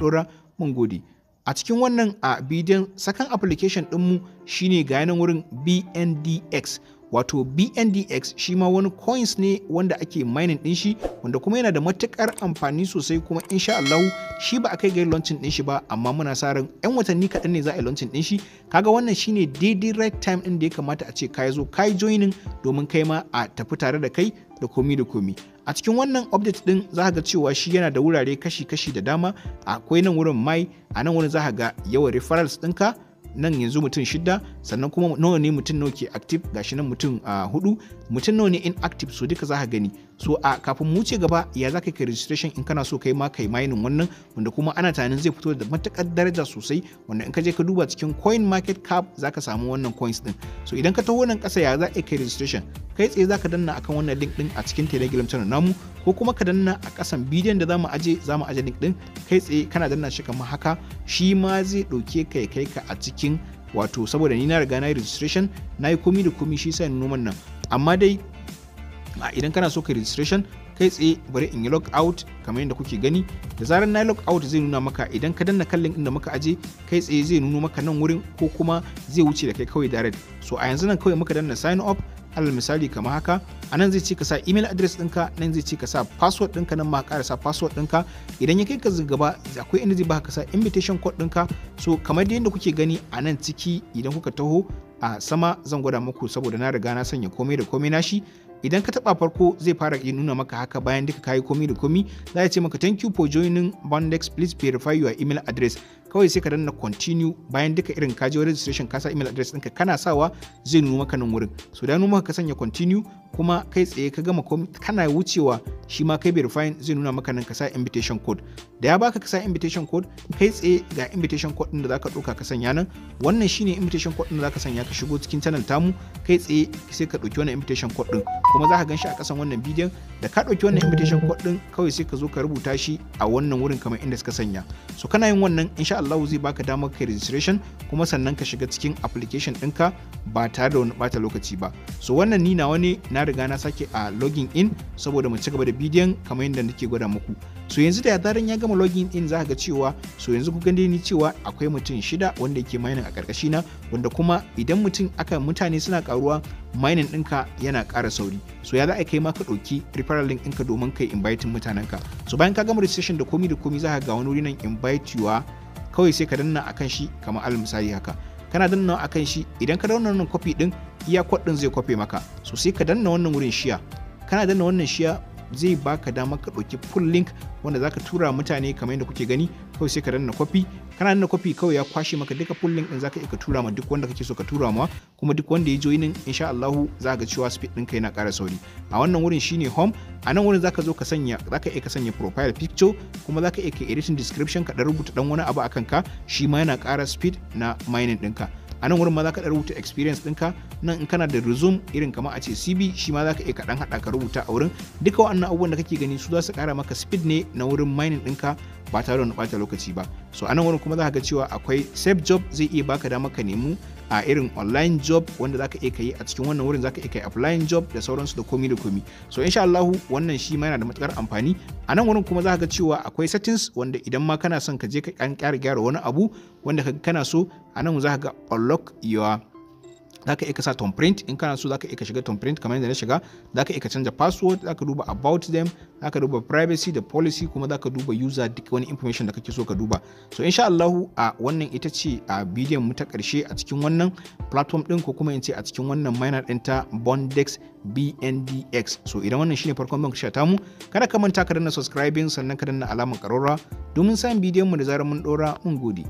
haɗura mun gode. A cikin wannan a bidiyon sakan application ɗinmu shine ga yanan wurin BNDX. Wato BNDX shi ma wani coins ne wanda ake mining ɗin shi wanda kuma yana da matuƙar amfani sosai kuma insha Allahu shi ba a kai ga launching ɗin shi ba amma muna sa ran 'yan watanni kaɗan ne za a yi launching ɗin shi kaga wannan shine daidai right time ɗin da ya kamata a ce ka zo ka yi joining domin kai ma a tafi tare da kai da komi da komi a cikin wannan update din za ga cewa shi yana da wurare kashi-kashi da dama akwai nan wurin mai a nan wurin za ga yawan referrals ɗinka nan yanzu mutum shida sannan kuma nawa ne mutum nawa ke active gashi nan mutum a hudu mutum nawa ne inactive so duka zaka gani so a kafin mu ce gaba ya zaka ka registration in kana so kai ma kai mining wannan wanda kuma ana tunanin zai fito da matakar daraja sosai wanda in ka je ka duba cikin coin market cap zaka samu wannan coins din so idan ka taho nan kasa ya za a kai registration kai tsaye zaka danna akan wannan link din a cikin telegram channel namu ko kuma ka danna a kasan bidiyon da zamu aje zamu aje link din kai tsaye kana danna shi kamar haka shi ma zai dauke kai kai ka a cikin wato saboda ni na riga na yi registration na yi komi da komi shi sa noman nan amma dai idan kana so ka registration kai tsaye bari in yi log out kamar yadda kuke gani da zarar na log out zai nuna maka idan ka danna kallon inda muka aje kai tsaye zai nuno maka nan wurin ko kuma zai wuce da kai kawai direct so a yanzu nan kawai muka danna sign up alal misali kamar haka a nan zai ci ka sa email address ɗinka nan zai ci ka sa password ɗinka nan ma ƙara sa password ɗinka idan ya kai ka gaba akwai inda zai baka sa invitation code ɗinka so kamar da yadda kuke gani a nan ciki idan kuka taho a sama zan gwada muku saboda na riga na sanya komai da komai na shi. idan ka taba farko zai fara ya nuna maka haka bayan duka kayi komi da komi za a ce maka thank you for joining Bondex please verify your email address kawai sai ka danna continue bayan duka irin ka je registration ka sa email address ɗinka kana sawa zai nuna maka nan wurin so da nuna maka ka sanya continue kuma kai tsaye ka gama komi kana wucewa shi ma kai verifying zai nuna maka nan kasa sa invitation code da ya baka kasa sa invitation code kai tsaye ga invitation code din da zaka ɗauka ka sanya nan wannan shine invitation code din da zaka sanya ka shigo cikin channel tamu kai tsaye sai ka ɗauki wannan invitation code din kuma za ka ganshi a kasan wannan bidiyon da ka ɗauki wannan invitation code din kawai sai ka zo ka rubuta shi a wannan wurin kamar inda suka sanya so kana yin wannan insha Allah zai baka damar kai registration kuma sannan ka shiga cikin application ɗinka ba tare da wani bata lokaci ba so wannan ni nawa ne na riga na sake a ah, login in saboda mu ci gaba da bidiyon kamar yadda nake gwada muku so yanzu da zaran ya gama login in za ga cewa so yanzu ku gani ni cewa akwai mutum shida wanda yake mining a karkashi na wanda kuma idan mutum aka mutane suna karuwa mining dinka yana ƙara sauri so ya za a kai ma ka ɗauki referral link ɗinka domin kai mutanen ka. so bayan ka gama registration da komi da komi za ka ga wani wuri nan invite you kawai sai ka danna akan shi kamar alal misali haka kana danna akan shi idan ka danna wannan copy din iya kwadin zai kwafe maka so sai ka danna wannan wurin shiya kana danna wannan shiya zai baka dama ka ɗauki full link wanda zaka tura mutane kamar yadda kuke gani kawai sai ka danna kwafi kana danna kwafi kawai ya kwashe maka duka full link za zaka iya ka tura ma duk wanda kake so ka tura ma kuma duk wanda ya joyi in insha Allah za ga cewa speed ɗinka yana ƙara sauri a wannan wurin shine home a nan wurin zaka zo ka sanya ka iya ka sanya profile picture kuma zaka iya ka editing description ka dan rubuta dan wani abu akan ka shi ma yana ƙara speed na mining ɗinka a nan wurin ma za ka rubuta experience ɗinka nan in kana da resume irin kama a ce cv shi ma za ka iya kaɗan haɗa ka rubuta a wurin duka waɗannan abubuwan da kake gani su za su ƙara maka speed ne na wurin mining ɗinka ba tare da wani ɓata lokaci ba so anan wani kuma za ka ga cewa akwai safe job zai iya baka dama ka nemu a irin online job wanda zaka iya kai a cikin wannan wurin zaka iya kai offline job da sauransu da komi da komi so insha Allah wannan shi ma yana da matukar amfani anan nan wurin kuma zaka ga cewa akwai settings wanda idan ma kana son ka je ka kyara gyara wani abu wanda kana so anan nan zaka ga unlock your za ka iya ka tom print in kana so za ka iya shiga tom print kamar yadda na shiga za ka iya canza password za ka duba about them za ka duba privacy da policy kuma za ka duba user duk wani information da kake so ka duba so insha Allah a wannan ita ce a bidiyon mu ta karshe a cikin wannan platform din ko kuma in ce a cikin wannan miner din ta Bondex BNDX so idan wannan shine farkon bank ta mu kada ka manta ka danna subscribing sannan ka danna alamar karora domin samun bidiyon mu da zarar mun dora mun gode